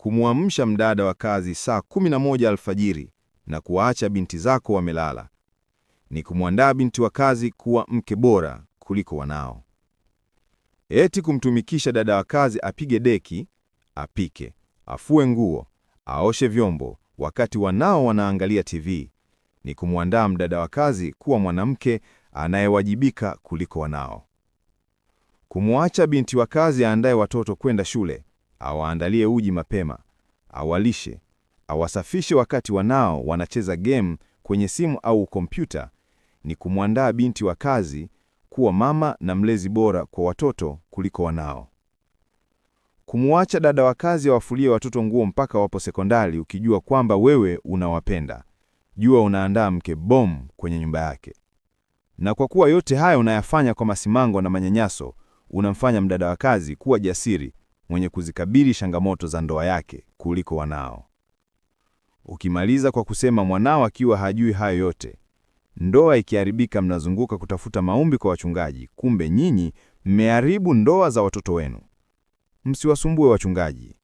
kumwamsha mdada wa kazi saa 11 alfajiri na kuwaacha binti zako wamelala ni kumwandaa binti wa kazi kuwa mke bora kuliko wanao. Eti kumtumikisha dada wa kazi apige deki, apike, afue nguo, aoshe vyombo wakati wanao wanaangalia TV ni kumwandaa mdada wa kazi kuwa mwanamke anayewajibika kuliko wanao. Kumwacha binti wa kazi aandaye watoto kwenda shule awaandalie uji mapema, awalishe, awasafishe wakati wanao wanacheza game kwenye simu au kompyuta, ni kumwandaa binti wa kazi kuwa mama na mlezi bora kwa watoto kuliko wanao. Kumwacha dada wa kazi awafulie watoto nguo mpaka wapo sekondari, ukijua kwamba wewe unawapenda, jua unaandaa mke bom kwenye nyumba yake. Na kwa kuwa yote haya unayafanya kwa masimango na manyanyaso, unamfanya mdada wa kazi kuwa jasiri mwenye kuzikabili changamoto za ndoa yake kuliko wanao. Ukimaliza kwa kusema mwanao akiwa hajui hayo yote, ndoa ikiharibika, mnazunguka kutafuta maombi kwa wachungaji, kumbe nyinyi mmeharibu ndoa za watoto wenu. Msiwasumbue wachungaji.